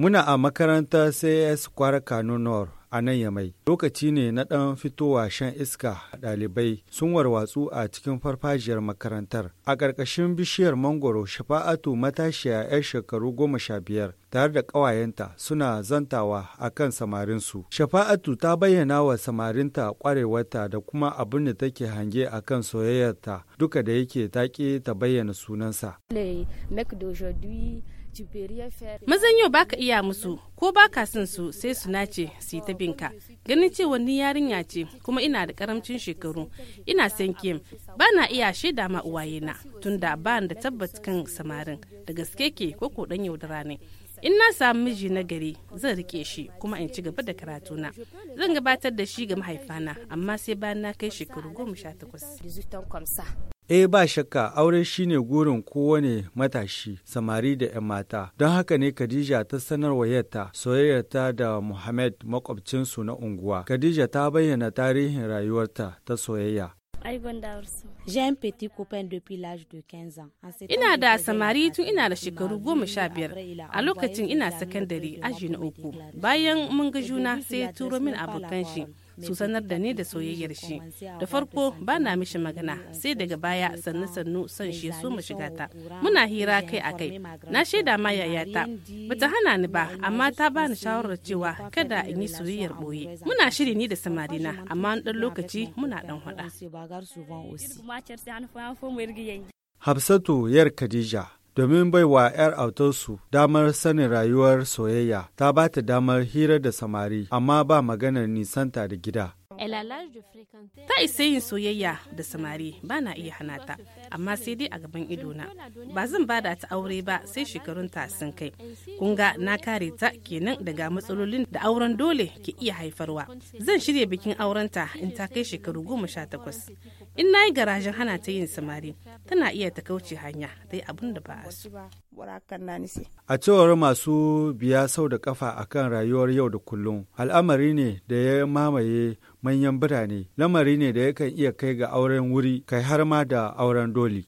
Muna a makarantar CS Kwara Kano a nan yamai lokaci ne na ɗan fitowa shan iska ɗalibai sun warwatsu a cikin farfajiyar makarantar a ƙarƙashin bishiyar mangoro shafa'atu matashiya 'yar shekaru goma sha biyar tare da ƙawayenta suna zantawa a kan samarinsu shafa'atu ta bayyana wa samarinta ƙwarewarta da kuma abin da take hange a kan soyayyarta duka da yake ƙi ta bayyana sunansa mazan yau baka iya musu ko ba ka son su sai su nace su yi ta ka ganin cewa ni yarinya ce kuma ina da karamcin shekaru ina san kim ba na iya shaida ma uwayena tunda ba da tabbat kan samarin da gaske ke ko ko dan yaudara ne in na samu miji na gari zan rike shi kuma in ci gaba da karatuna zan gabatar da shi ga mahaifana amma sai bayan na kai shekaru goma sha takwas eh ba shakka aure shine gurin kowane matashi samari da 'yan mata don haka ne Khadija ta sanar wayarta soyayyarta da Muhammad makwabcinsu na unguwa. Khadija ta bayyana tarihin rayuwarta ta soyayya. Ina da samari tun ina da shekaru goma sha biyar a lokacin ina sakandare aji na uku. Bayan mun ga juna sai ya turo min abokan shi. su sanar da ni da soyayyar shi da farko ba na mishi magana sai daga baya sannu sannu son shi su mu shiga ta muna hira kai a kai na shaida ma ta bata hana ni ba amma ta ba ni shawarar cewa kada in yi soyayyar boye muna shiri ni da samari na amma dan lokaci muna dan hada Hafsatu yar Khadija domin bai wa 'yar autarsu damar sanin rayuwar soyayya ta ba ta damar hira da samari amma ba maganar nisanta da gida. Ta isa yin soyayya da samari ba na iya hana ta, amma sai dai a gaban idona. Ba zan ba da ta aure ba sai shekarun ta sun kai. Kunga na kare ta kenan daga matsalolin da auren dole ke iya haifarwa. Zan shirya bikin auren ta in ta kai shekaru goma sha takwas. in na yi garajin hana ta yin samari tana iya ta kauce hanya dai abin da ba a su A cewar masu biya sau da kafa a kan rayuwar yau da kullum, al'amari ne da ya mamaye manyan birane, lamari ne da yakan iya kai ga auren wuri kai har ma da auren doli.